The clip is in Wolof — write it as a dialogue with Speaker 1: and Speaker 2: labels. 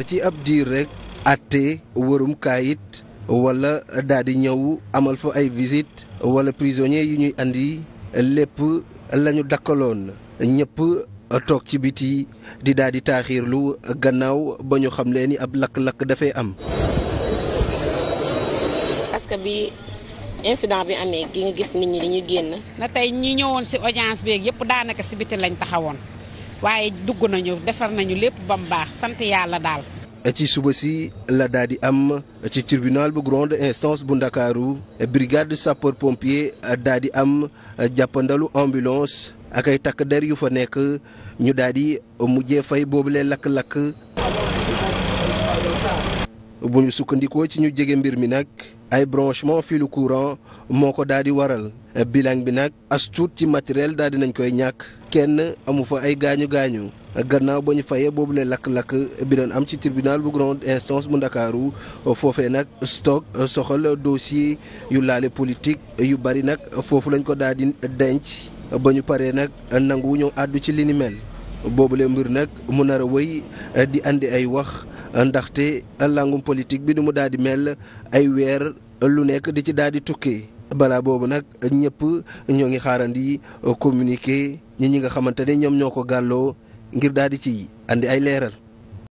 Speaker 1: ci ab diir rek atte wërum kaayit wala daal di ñëw amal fa ay visite wala prisonniers yu ñuy indi lépp lañu ñu dakkaloon ñëpp toog ci biti di daal di lu gannaaw ba ñu xam leen ni ab lakk-lakk dafay am.
Speaker 2: parce que bi incident bi amee ki nga gis nit ñi dañuy génn. na tey ñi ñëwoon ci audience beeg yëpp daanaka ci biti lañ taxawoon. waaye dugg nañu defar nañu lépp ba mu baax sant yàlla
Speaker 1: daal. ci suba si la daal am ci tirbinal bu grande instance bu ndakaaru brigade sapeur pompier daal di am jàppandalu ambulance ak ay takk der yu fa nekk ñu daal di mujjee fay boobule lakk-lakk. bu ñu sukkandikoo ci ñu jege mbir mi nag ay branchement filu courant moo ko daal di waral bilan bi nag as tuut ci matériel daal di nañ koy ñàkk. kenn amu fa ay gaañu gaañu gannaaw ba ñu fayee boobu la lakk-lakk bi doon am ci tribunal bu grande instance bu ndakaaru foofee nag stock soxal dossier yu laale politique yu bari nag foofu lañ ko daal di denc ba ñu paree nag nangu ñëw àddu ci li ni mel boobule mbir nag mu nar a wëy di andi ay wax ndaxte langum politique bi du mu daal di mel ay weer lu nekk di ci daal di tukkee balaa boobu nag ñëpp ñoo ngi xaarandi euh, communiqué ñi ñi nga xamante ne ñoom ñoo ko gàlloo ngir daal di ci andi ay leeral.